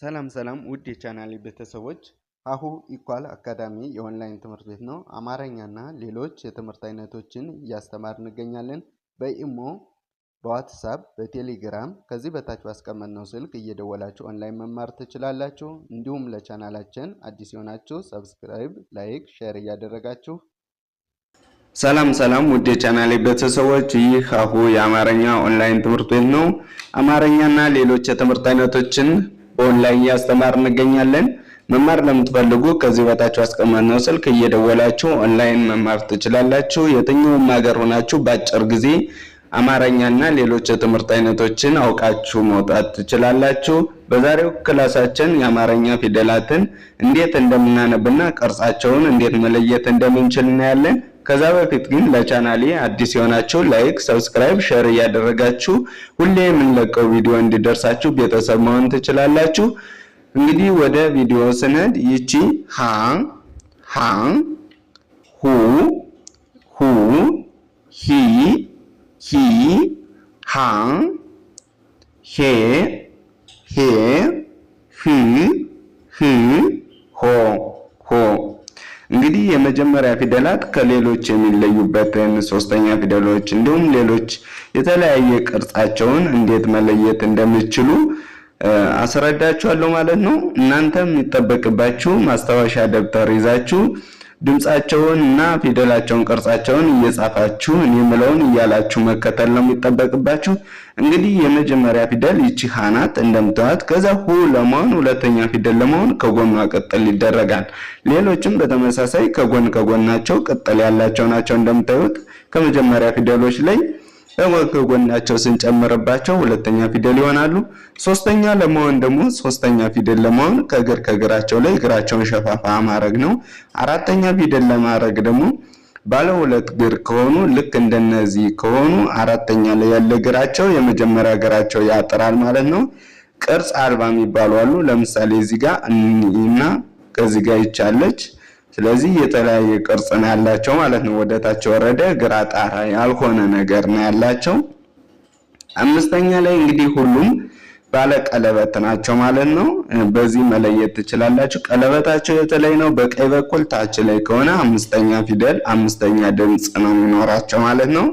ሰላም ሰላም ውድ የቻናሌ ቤተሰቦች ሀሁ ኢኳል አካዳሚ የኦንላይን ትምህርት ቤት ነው። አማርኛና ሌሎች የትምህርት አይነቶችን እያስተማር እንገኛለን። በኢሞ፣ በዋትሳፕ፣ በቴሌግራም ከዚህ በታች ባስቀመጥነው ስልክ እየደወላችሁ ኦንላይን መማር ትችላላችሁ። እንዲሁም ለቻናላችን አዲስ የሆናችሁ ሰብስክራይብ፣ ላይክ፣ ሼር እያደረጋችሁ ሰላም ሰላም ውድ የቻናሌ ቤተሰቦች ይህ ሀሁ የአማርኛ ኦንላይን ትምህርት ቤት ነው። አማርኛና ሌሎች የትምህርት አይነቶችን በኦንላይን እያስተማር እንገኛለን። መማር ለምትፈልጉ ከዚህ በታችሁ አስቀመጥነው ስልክ እየደወላችሁ ኦንላይን መማር ትችላላችሁ። የትኛውም ሀገር ሆናችሁ በአጭር ጊዜ አማርኛና ሌሎች የትምህርት አይነቶችን አውቃችሁ መውጣት ትችላላችሁ። በዛሬው ክላሳችን የአማርኛ ፊደላትን እንዴት እንደምናነብና ቅርጻቸውን እንዴት መለየት እንደምንችል እናያለን። ከዛ በፊት ግን ለቻናሌ አዲስ የሆናችሁ ላይክ፣ ሰብስክራይብ፣ ሼር እያደረጋችሁ ሁሌ የምንለቀው ቪዲዮ እንዲደርሳችሁ ቤተሰብ መሆን ትችላላችሁ። እንግዲህ ወደ ቪዲዮ ስንሄድ ይቺ ሃ ሃ ሁ ሁ ሂ ሂ ሃ ሄ ሄ ሂ ሂ ሆ ሆ እንግዲህ የመጀመሪያ ፊደላት ከሌሎች የሚለዩበትን ሶስተኛ ፊደሎች እንዲሁም ሌሎች የተለያየ ቅርጻቸውን እንዴት መለየት እንደሚችሉ አስረዳችኋለሁ ማለት ነው። እናንተም የሚጠበቅባችሁ ማስታወሻ ደብተር ይዛችሁ ድምፃቸውን እና ፊደላቸውን ቅርጻቸውን እየጻፋችሁ እኔ የምለውን እያላችሁ መከተል ነው የሚጠበቅባችሁ። እንግዲህ የመጀመሪያ ፊደል ይቺ ሃናት እንደምትዋት፣ እንደምታዩት። ከዛ ሁ ለመሆን ሁለተኛ ፊደል ለመሆን ከጎኗ ቅጥል ይደረጋል። ሌሎችም በተመሳሳይ ከጎን ከጎናቸው ቅጥል ያላቸው ናቸው እንደምታዩት ከመጀመሪያ ፊደሎች ላይ ከጎናቸው ስንጨምርባቸው ሁለተኛ ፊደል ይሆናሉ። ሶስተኛ ለመሆን ደግሞ ሶስተኛ ፊደል ለመሆን ከእግር ከእግራቸው ላይ እግራቸውን ሸፋፋ ማድረግ ነው። አራተኛ ፊደል ለማድረግ ደግሞ ባለ ሁለት እግር ከሆኑ ልክ እንደነዚህ ከሆኑ አራተኛ ላይ ያለ እግራቸው የመጀመሪያ እግራቸው ያጥራል ማለት ነው። ቅርጽ አልባ የሚባሉ አሉ። ለምሳሌ እዚህ ጋር እና ከዚህ ጋር ይቻለች ስለዚህ የተለያየ ቅርጽ ነው ያላቸው ማለት ነው። ወደታች ወረደ፣ ግራ ጣራ ያልሆነ ነገር ነው ያላቸው። አምስተኛ ላይ እንግዲህ ሁሉም ባለ ቀለበት ናቸው ማለት ነው። በዚህ መለየት ትችላላችሁ። ቀለበታቸው የተለይ ነው። በቀኝ በኩል ታች ላይ ከሆነ አምስተኛ ፊደል አምስተኛ ድምፅ ነው የሚኖራቸው ማለት ነው።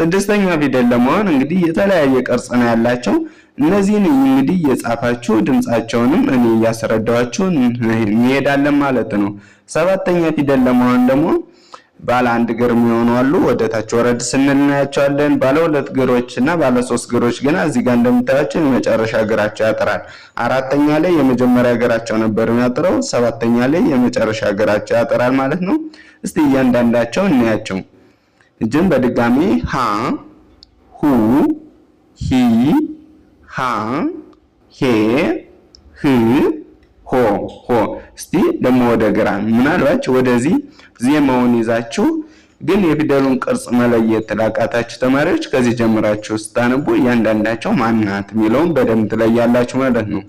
ስድስተኛ ፊደል ለመሆን እንግዲህ የተለያየ ቅርጽ ነው ያላቸው። እነዚህን እንግዲህ እየጻፋችሁ ድምፃቸውንም እኔ እያስረዳኋችሁ እንሄዳለን ማለት ነው። ሰባተኛ ፊደል ለመሆን ደግሞ ባለ አንድ እግር የሚሆኑ አሉ። ወደታች ወረድ ስንል እናያቸዋለን። ባለ ሁለት እግሮች እና ባለ ሶስት እግሮች ግና እዚህ ጋር እንደምታያቸው የመጨረሻ እግራቸው ያጥራል። አራተኛ ላይ የመጀመሪያ እግራቸው ነበር የሚያጥረው፣ ሰባተኛ ላይ የመጨረሻ እግራቸው ያጥራል ማለት ነው። እስቲ እያንዳንዳቸው እናያቸው። እጅም በድጋሚ ሀ፣ ሁ፣ ሂ፣ ሃ፣ ሄ፣ ህ ሆ ሆ። እስቲ ደግሞ ወደ ግራ ምናልባች ወደዚህ ዜማውን ይዛችሁ ግን የፊደሉን ቅርጽ መለየት ላቃታችሁ ተማሪዎች ከዚህ ጀምራችሁ ስታነቡ እያንዳንዳቸው ማናት የሚለውን በደንብ ትለያላችሁ ማለት ነው።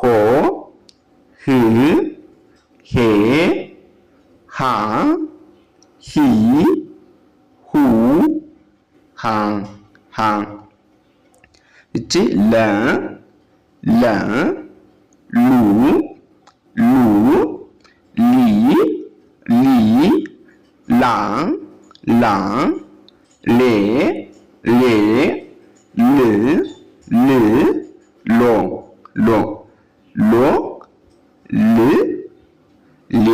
ሆ ህ ሄ ሀ ሂ ሁ ሃ ሀ እቺ ለ ለ ሉ ሉ ሊ ሊ ላ ላ ሌ ሌ ል ል ሎ ሎ ሎ ል ሌ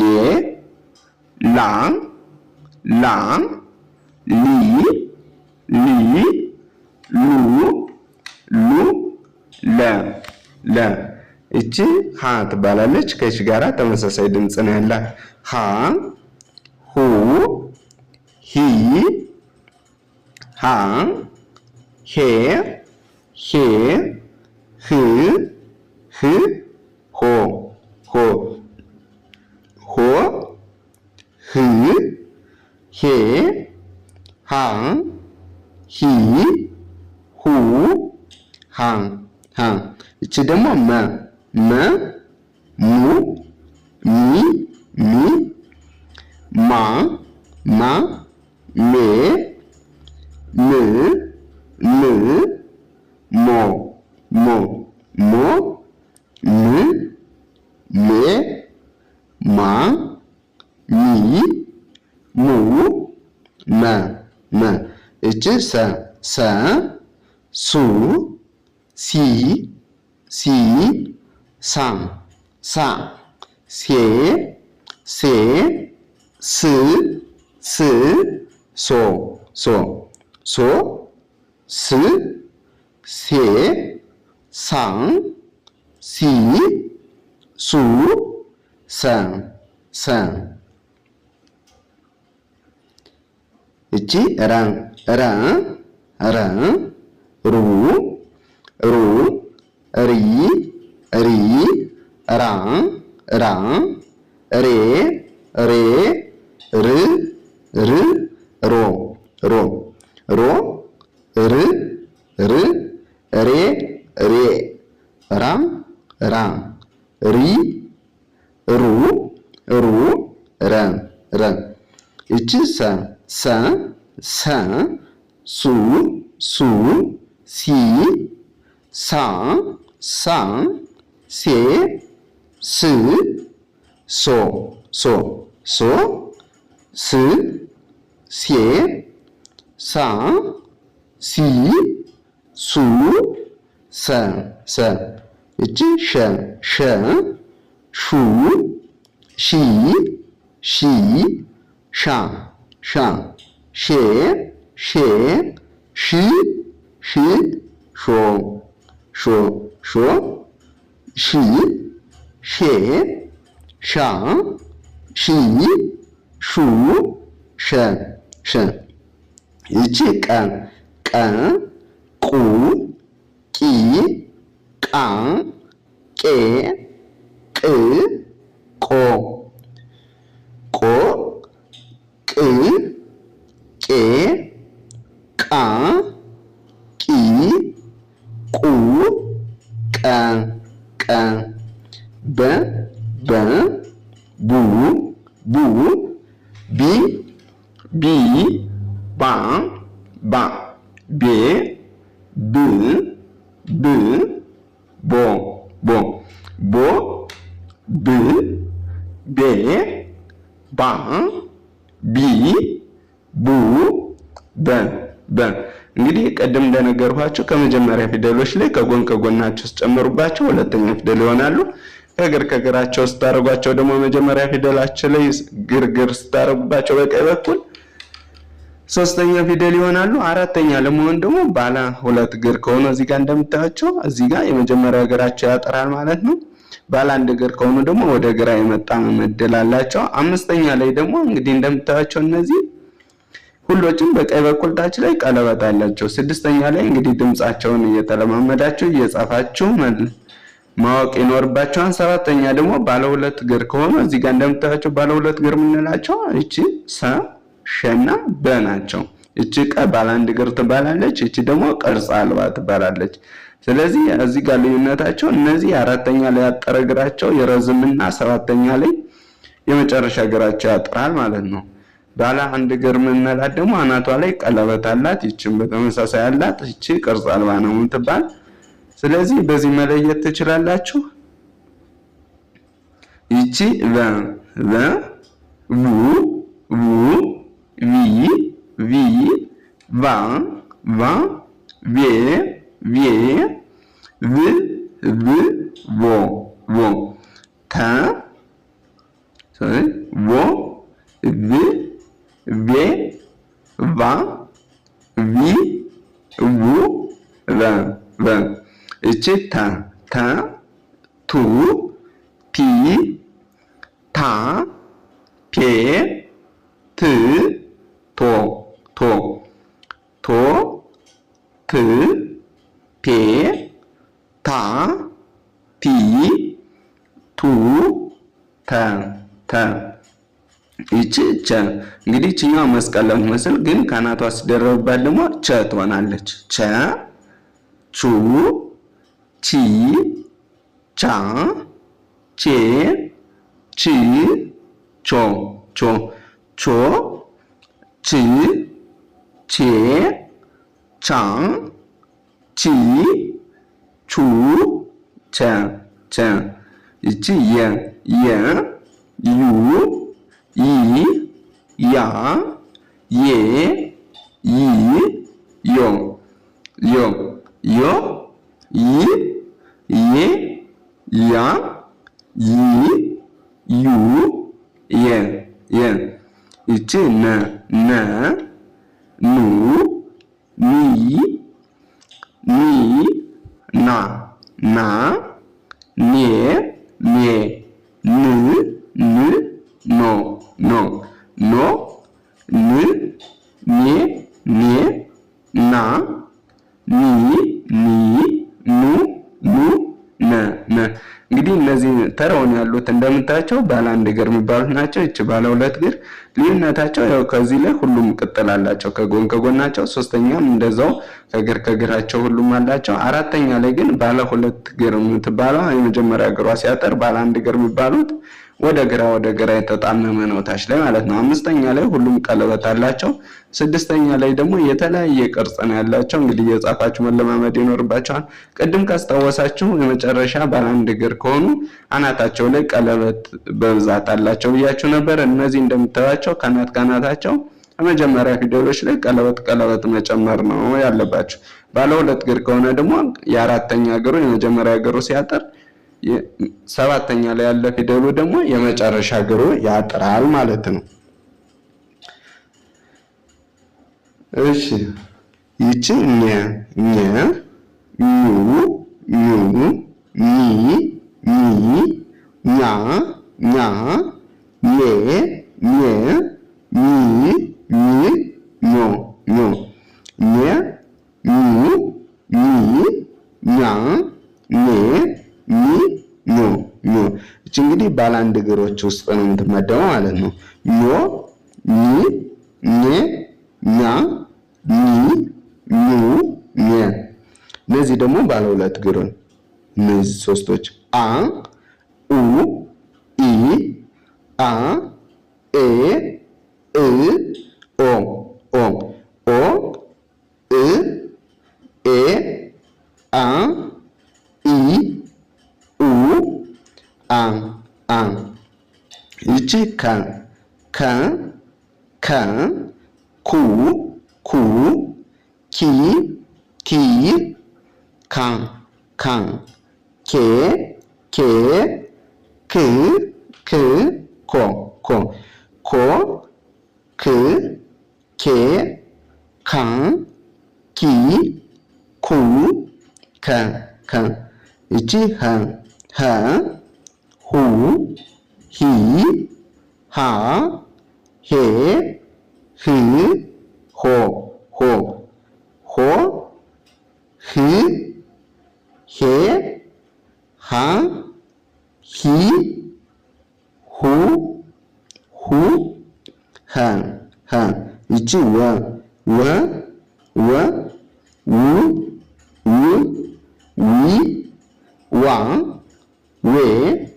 ሌ ላ ላ እቺ ሀ ትባላለች። ከች ጋራ ተመሳሳይ ድምፅ ነው ያላት። ሀ ሁ ሂ ሃ ሄ ሄ ህ ህ ሆ ሆ ሆ ህ ሄ ሃ ሂ ሁ ሃ ሃ እቺ ደግሞ መ መ ሙ ሚ ሚ ማ ማ ሜ ም ም ሞ ሞ ሞ ም ሜ ማ ሚ ሙ መ መ እች ሰ ሰ ሱ ሲ ሲ ሳም ሳ ሴ ሴ ስ ስ ሶ ሶ ሶ ስ ሴ ሳ ሲ ሱ ሰ ሰ እቺ ረ ረ ረ ሩ ሩ ሪ ሪ ራ ራ ሬ ሬ ር ር ሮ ሮ ሮ ር ር ሬ ሬ ራ ራ ሪ ሩ ሩ ረ ረ እቺ ሰ ሰ ሰ ሱ ሱ ሲ ሳ ሳ 写是、说、说、说、是、写上、洗数、上、上，一、神千、数、洗洗上、上、写、写、西、西、说、说、说。西、西、上、西、数、上、上，一起看，看、苦、鸡，看、给、给、空、空、给、给、看、鸡，苦、看。b b bu bu bi bi ba ba be bu bu bo bo bo bu be ba bi bu be በ እንግዲህ ቀደም እንደነገርኋቸው ከመጀመሪያ ፊደሎች ላይ ከጎን ከጎናቸው ስጨምሩባቸው ሁለተኛ ፊደል ይሆናሉ። ከግር ከግራቸው ስታደርጓቸው ደግሞ መጀመሪያ ፊደላቸው ላይ ግርግር ስታደርጉባቸው በቀኝ በኩል ሶስተኛ ፊደል ይሆናሉ። አራተኛ ለመሆን ደግሞ ባለ ሁለት እግር ከሆኑ እዚህ ጋር እንደምታያቸው እዚህ ጋር የመጀመሪያ እግራቸው ያጠራል ማለት ነው። ባለ አንድ እግር ከሆኑ ደግሞ ወደ ግራ የመጣ መመደል አላቸው። አምስተኛ ላይ ደግሞ እንግዲህ እንደምታያቸው እነዚህ ሁሎችም በቀኝ በኩል ታች ላይ ቀለበት አላቸው። ስድስተኛ ላይ እንግዲህ ድምፃቸውን እየተለማመዳችሁ እየጻፋችሁ ማወቅ ይኖርባቸዋል። ሰባተኛ ደግሞ ባለ ሁለት እግር ከሆኑ እዚህ ጋር እንደምታያቸው ባለ ሁለት እግር የምንላቸው እቺ ሰ ሸና በ ናቸው። እቺ ቀ ባለ አንድ እግር ትባላለች። እቺ ደግሞ ቅርጽ አልባ ትባላለች። ስለዚህ እዚህ ጋር ልዩነታቸው እነዚህ አራተኛ ላይ ያጠረ እግራቸው የረዝምና ሰባተኛ ላይ የመጨረሻ እግራቸው ያጥራል ማለት ነው። ባለ አንድ እግር የምንላት ደግሞ አናቷ ላይ ቀለበት አላት። ይችን በተመሳሳይ አላት። ይቺ ቅርጽ አልባ ነው የምትባል። ስለዚህ በዚህ መለየት ትችላላችሁ። ይቺ ቨ ቨ ቡ ቡ ቪ ቪ ቫ ቫ ቬ ቬ ቭ ቭ ቮ ቮ ተ ሶሪ ቮ ቭ ቬ ቫ ቪ ቡ ቨ ቨ እቺ ተ ተ ቱ ቲ ታ ፔ ት ቶ ቶ ቶ ት ፔ ታ ቲ ቱ ተ ተ ቸ እንግዲህ ችኛዋ መስቀል ለምትመስል ግን ከናቷ ሲደረብባት ደግሞ ቸ ትሆናለች። ቸ ቹ ቺ ቻ ቼ ቺ ቾ ቾ ቾ ቺ ቼ ቻ ቺ ቹ ቸ ቸ ይቺ የ የ ዩ ይ ያ የ ይ ዮ ዮ ዮ ይ ዬ ያ ይ ዩ የ የ ይቺ ነ ነ ባለ ሁለት እግር ልዩነታቸው ያው ከዚህ ላይ ሁሉም ቅጥል አላቸው። ከጎን ከጎናቸው ሶስተኛም እንደዛው ከእግር ከእግራቸው ሁሉም አላቸው። አራተኛ ላይ ግን ባለ ሁለት እግር የምትባለው የመጀመሪያ እግሯ ሲያጠር ባለ አንድ እግር የሚባሉት ወደ ግራ ወደ ግራ የተጣመመ ነው ታች ላይ ማለት ነው። አምስተኛ ላይ ሁሉም ቀለበት አላቸው። ስድስተኛ ላይ ደግሞ የተለያየ ቅርጽ ነው ያላቸው። እንግዲህ የጻፋችሁ መለማመድ ይኖርባቸዋል። ቅድም ካስታወሳችሁ የመጨረሻ ባለ አንድ እግር ከሆኑ አናታቸው ላይ ቀለበት በብዛት አላቸው ብያችሁ ነበር። እነዚህ እንደምታዩቸው ከናት ከናታቸው ከመጀመሪያ ፊደሎች ላይ ቀለበት ቀለበት መጨመር ነው ያለባቸው። ባለ ሁለት እግር ከሆነ ደግሞ የአራተኛ እግሩ የመጀመሪያ እግሩ ሲያጠር ሰባተኛ ላይ ያለ ፊደሉ ደግሞ የመጨረሻ እግሩ ያጥራል ማለት ነው። እሺ ይቺ ኘ ኘ ኙ ኙ ኒ ኒ ኛ ኛ ኘ ኘ ኒ ኒ ኞ ኞ ኘ ኙ ኒ ኛ እች እንግዲህ ባለ አንድ እግሮች ውስጥ ነው የምትመደበው ማለት ነው። ዮ ኒ ኔ ኛ ኒ ኙ ኘ። እነዚህ ደግሞ ባለ ሁለት እግሩን እነዚህ ሶስቶች አ ኡ ኢ አ ኤ ከ ከ ከ ኩ ኩ ኪ ኪ ካ ካ ኬ ኬ ክ ክ ኮ ኮ ኮ ክ ኬ ካ ኪ ኩ ከ ከ እቺ ሀ ሀ ሁ ሂ 哈，嘿，嘿，吼，吼，吼，嘿，嘿，哈，嘿，呼，呼，喊，喊，一、二、二、二、五、五、五、二、五。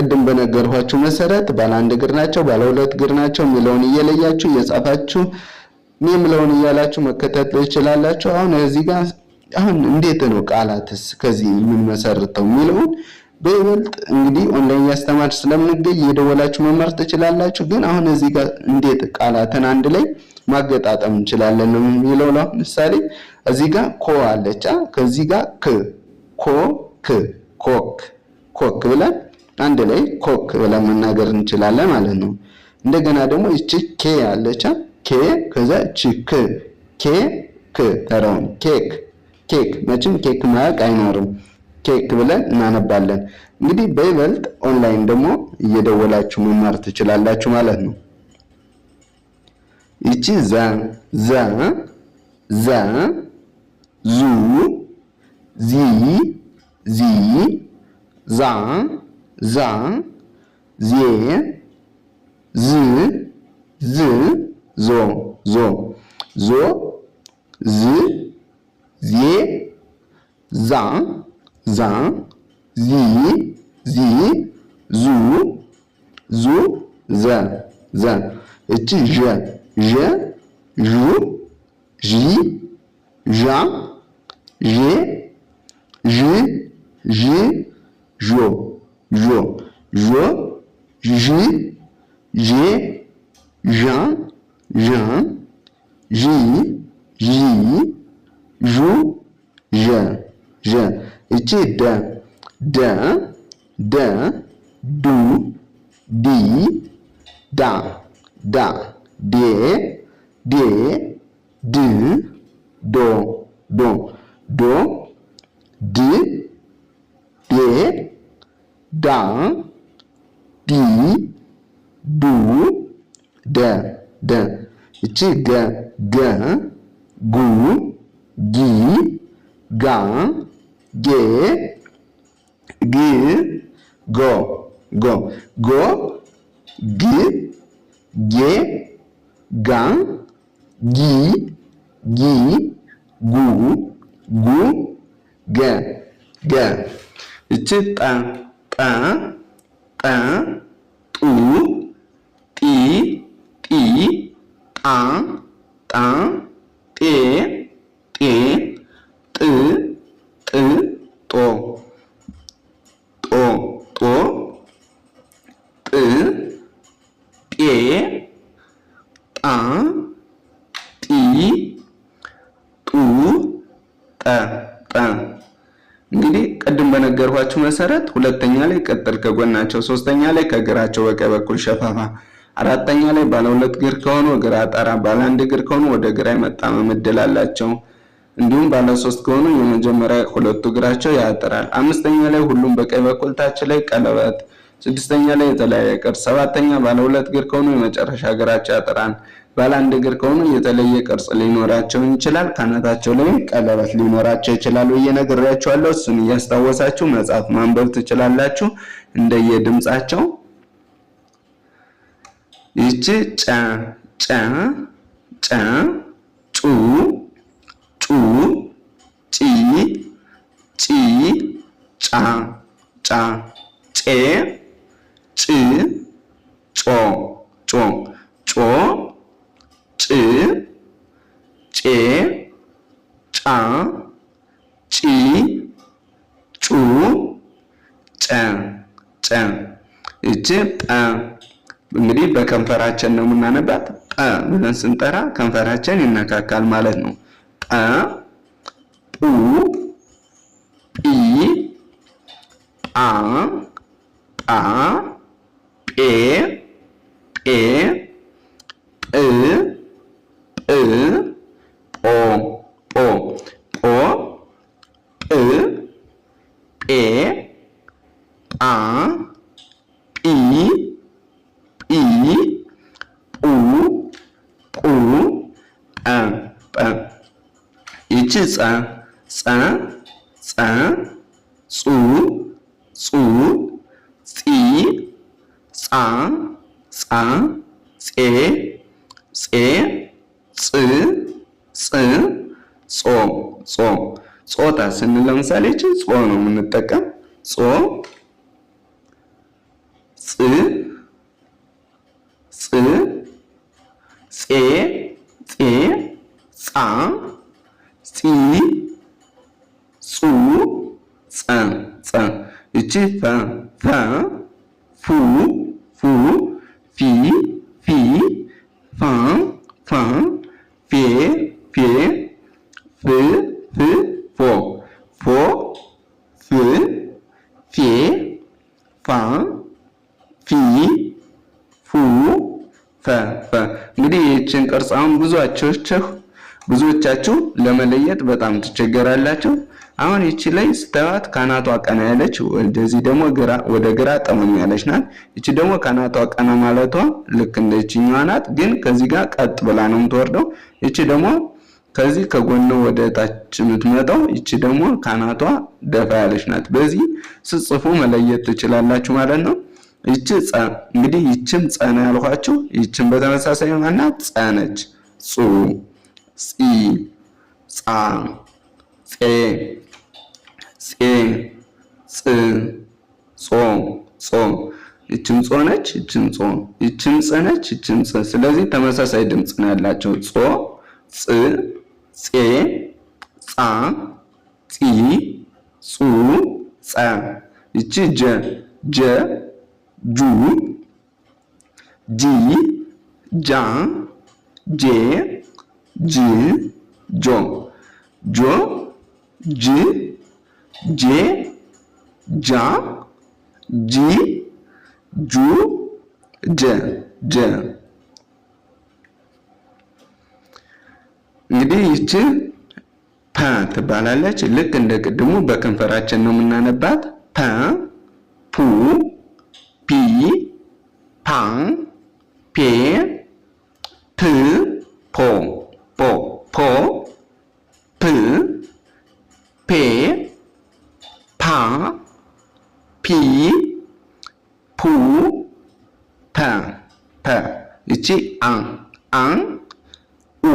ቅድም በነገርኋችሁ መሰረት ባለ አንድ እግር ናቸው፣ ባለ ሁለት እግር ናቸው የሚለውን እየለያችሁ እየጻፋችሁ የሚለውን እያላችሁ መከተል ትችላላችሁ። አሁን እዚህ ጋር አሁን እንዴት ነው ቃላትስ ከዚህ የምንመሰርተው የሚለውን በይበልጥ እንግዲህ ኦንላይን ያስተማር ስለምንገኝ የደወላችሁ መማር ትችላላችሁ። ግን አሁን እዚህ ጋር እንዴት ቃላትን አንድ ላይ ማገጣጠም እንችላለን ነው የሚለው። ለምሳሌ እዚህ ጋር ኮ አለች፣ ከዚህ ጋር ክ ኮ ክ ኮክ ኮክ ብለን አንድ ላይ ኮክ ብለን መናገር እንችላለን ማለት ነው። እንደገና ደግሞ እቺ ኬ ያለቻ ኬ ከዛ እቺ ክ ኬ ክ ተራውን ኬክ ኬክ መቼም ኬክ ማያቅ አይኖርም። ኬክ ብለን እናነባለን። እንግዲህ በይበልጥ ኦንላይን ደግሞ እየደወላችሁ መማር ትችላላችሁ ማለት ነው። ይቺ ዛ ዛ ዛ ዙ ዚ ዚ ዛ ዛ ዜ ዝ ዝ ዞ ዞ ዞ ዝ ዜ ዛ ዛ ዚ ዚ ዙ ዙ ዘ ዘ እቺ ዠ ዠ ዡ ዢ ዣ ዤ ዥ ዥ ዦ je, je, j, j'ai, j'un, j'un, j'ai, j'ai, jou, je, Et tu es d'un, d'un, d'un, di, da, da, De De du, Do Do de, De ዳ ዲ ዱ ደ ደ እቺ ገ ገ ጉ ጊ ጋ ጌ ግ ጎ ጎ ጎ ግ ጌ ጋ ጊ ጊ ጉ ጉ ገ ገ እቺ ጠ ጠ ጠ ጡ ጢ ጢ ጣ ጣ ጤ ጤ መሰረት ሁለተኛ ላይ ቅጥል ከጎናቸው፣ ሶስተኛ ላይ ከግራቸው በቀኝ በኩል ሸፋፋ፣ አራተኛ ላይ ባለ ሁለት እግር ከሆኑ ግራ ጣራ፣ ባለ አንድ እግር ከሆኑ ወደ ግራ የመጣመም እድል አላቸው። እንዲሁም ባለ ሶስት ከሆኑ የመጀመሪያ ሁለቱ እግራቸው ያጥራል። አምስተኛ ላይ ሁሉም በቀኝ በኩል ታች ላይ ቀለበት፣ ስድስተኛ ላይ የተለያየ ቅርጽ፣ ሰባተኛ ባለ ሁለት እግር ከሆኑ የመጨረሻ እግራቸው ያጥራል። ባለ አንድ እግር ከሆኑ የተለየ ቅርጽ ሊኖራቸው ይችላል። ካናታቸው ላይ ቀለበት ሊኖራቸው ይችላል ብዬ ነግሬያችኋለሁ። እሱን እያስታወሳችሁ መጽሐፍ ማንበብ ትችላላችሁ እንደየድምጻቸው። ይቺ ጨ ጨ ጨ ጩ ጩ ጪ ጪ ጫ ጫ ጬ ጪ ጩ ጨ ጨ እቺ ጰ እንግዲህ በከንፈራችን ነው የምናነባት። ጰ ብለን ስንጠራ ከንፈራችን ይነካካል ማለት ነው። ጰ ጱ ይቺ ፀ ፀ ፀ ጹ ጹ ጺ ጻ ጻ ጼ ጼ ጽ ጽ ጾ ጾ ጾታ ስንል ለምሳሌ ይቺ ጾ ነው የምንጠቀም ጾ ጽ ጽ ጼ ጼ ጻ ፂ ጹ ጸ ጸ እቺ ፈ ፈ ፉ ፉ ፊ ፊ ፋ ፋ ፌ ፌ ፍ ፍ ፎ ፎ ፍ ፌ ፋ ፊ ፉ ፈ ፈ እንግዲህ ይህችን ቅርጽ አሁን ብዙ አቻዎቻችሁ ብዙዎቻችሁ ለመለየት በጣም ትቸገራላችሁ። አሁን ይቺ ላይ ስታዩት ካናቷ ቀና ያለች፣ ወደዚህ ደግሞ ወደ ግራ ጠመም ያለች ናት። ይቺ ደግሞ ካናቷ ቀና ማለቷ ልክ እንደችኛዋ ናት፣ ግን ከዚህ ጋር ቀጥ ብላ ነው የምትወርደው። ይቺ ደግሞ ከዚህ ከጎን ወደ ታች የምትመጣው፣ ይቺ ደግሞ ካናቷ ደፋ ያለች ናት። በዚህ ስጽፉ መለየት ትችላላችሁ ማለት ነው። ይቺ እንግዲህ ይችም ጸና ያልኳችሁ፣ ይችም በተመሳሳይ ማናት ጸነች ጹ ፂ ፃ ፄ ፄ ፅ ጾ ጾ ይችም ጾ ነች። ይችም ጾ ይችም ፅ ነች። ይችም ፅ ስለዚህ ተመሳሳይ ድምፅ ነው ያላቸው። ጾ ፅ ፄ ፃ ፂ ፁ ፀ ይቺ ጀ ጀ ጁ ጂ ጃ ጄ ጂ ጆ ጆ ጂ ጄ ጃ ጂ ጁ ጀ ጀ እንግዲህ ይቺ ፐ ትባላለች። ልክ እንደ ቅድሙ በከንፈራችን ነው የምናነባት። ፐ ፑ ፒ ፓ ፔ ፕ ፖ ፒ ፑ ፐ ፐ እቺ አ አ ኡ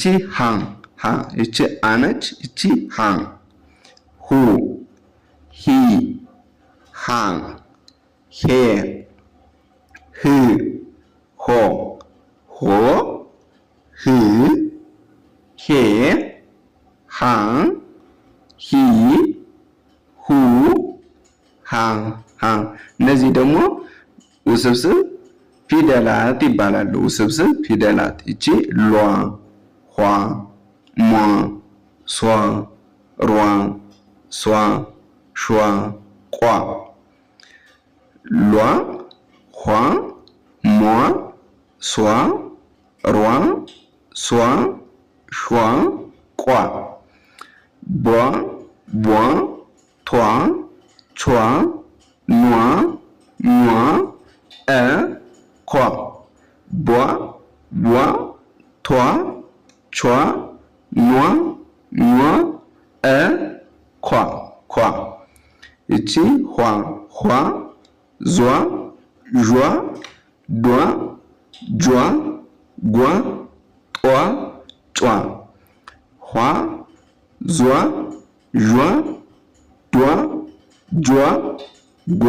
እቺ ሃ ሃ እቺ አነች እቺ ሃ ሁ ሂ ሃ ሄ ህ ሆ ሆ ህ ሄ ሃ ሂ ሁ ሃ ሃ እነዚህ ደግሞ ውስብስብ ፊደላት ይባላሉ። ውስብስብ ፊደላት እቺ ሏ roi, moi, soit roi, soit choix, quoi. Loi, roi, moi, soit roi, soit choix, quoi. Bois, bois, toi, toi, moi, moi, un, quoi. Bois, bois, toi, ቿ ኗ ኗ እ ኳ ኳ እቺ ኋ ኋ ዟ ዟ ዷ ጇ ጓ ጧ ጯ ኋ ዟ ዟ ዷ ጇ ጓ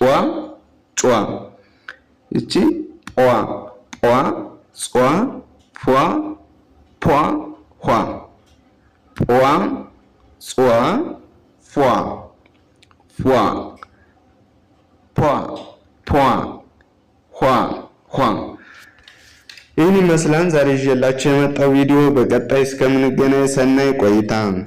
ጧ ጯ እቺ ጳ ጳ ጿ ፏ ፖ ሆ ጶ ጾ ፎ ፎ ፖ ፖ ሆ ሆ ይህን ይመስላል ዛሬ ይዤላችሁ የመጣው ቪዲዮ። በቀጣይ እስከምንገናኝ ሰናይ ቆይታ